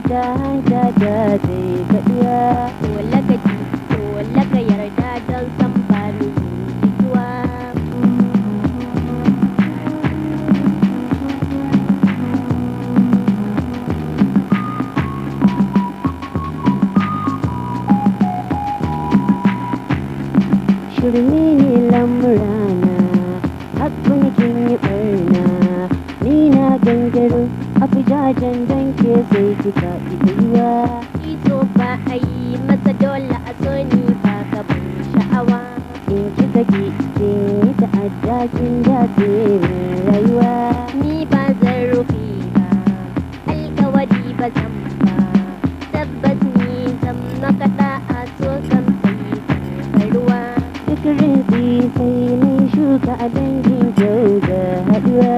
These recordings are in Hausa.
yarda da da zai kaɗuwa walla ji walla yarda don san ba ni shirme ne lamurana hakkun kin yi ɓarna ni na gangaro abujajen don ke sai kika iduwa iso ba a yi masa dole a so ni ba ka sha'awa in ki saki ce ni ta addakin rayuwa ni ba zan rufe ba alkawari ba zan ba tabbas ni zan makaɗa a so zan sai ruwa duk rinsi sai ni shuka a dangin kyau da haɗuwa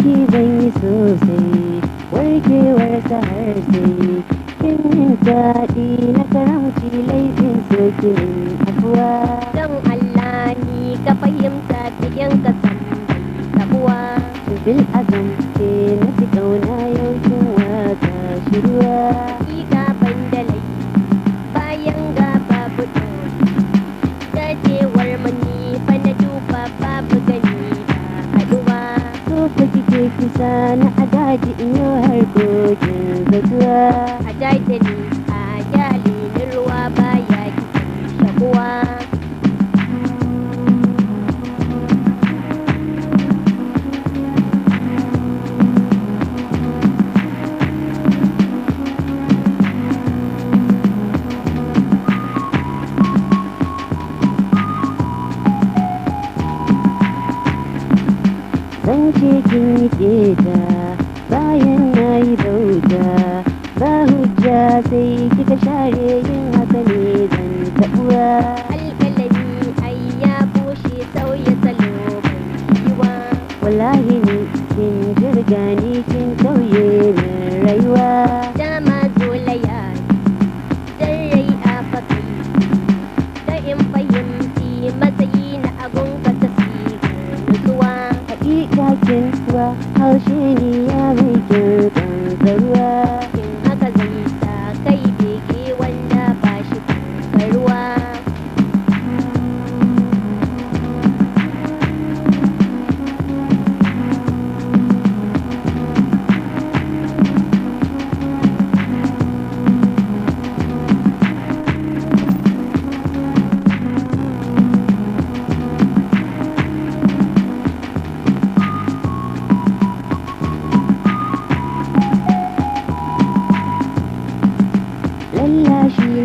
Ki zan yi sosai warkewar ta har sai kin daɗi na karamci laifin soke abuwa. don Allah ni ka fahimta cikin ka san abuwa bil azam ke na fi kauna yau kin shirwa kisa na a daji in yi harkokin gazuwa. A daidai zan ce kin ta bayan na yi bauta ba hujja sai kika share yin haka ne zan taɓuwa alƙalami ai ya bushe sauya salo yiwa wallahi ni kin jirga ni kin sauye min rayuwa dama zolaya dan rai a fakai da in fahimci matsayi gaisuwa haushe ne ya mai kyautar ruwa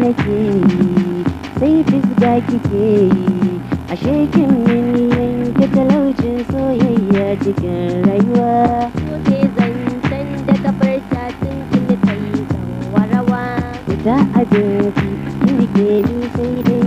nake yi sai fisga kike yi ashe kin min yanke talaucin soyayya cikin rayuwa ke zancen da farta tun kini kai warawa ta abinci ki rike ni sai dai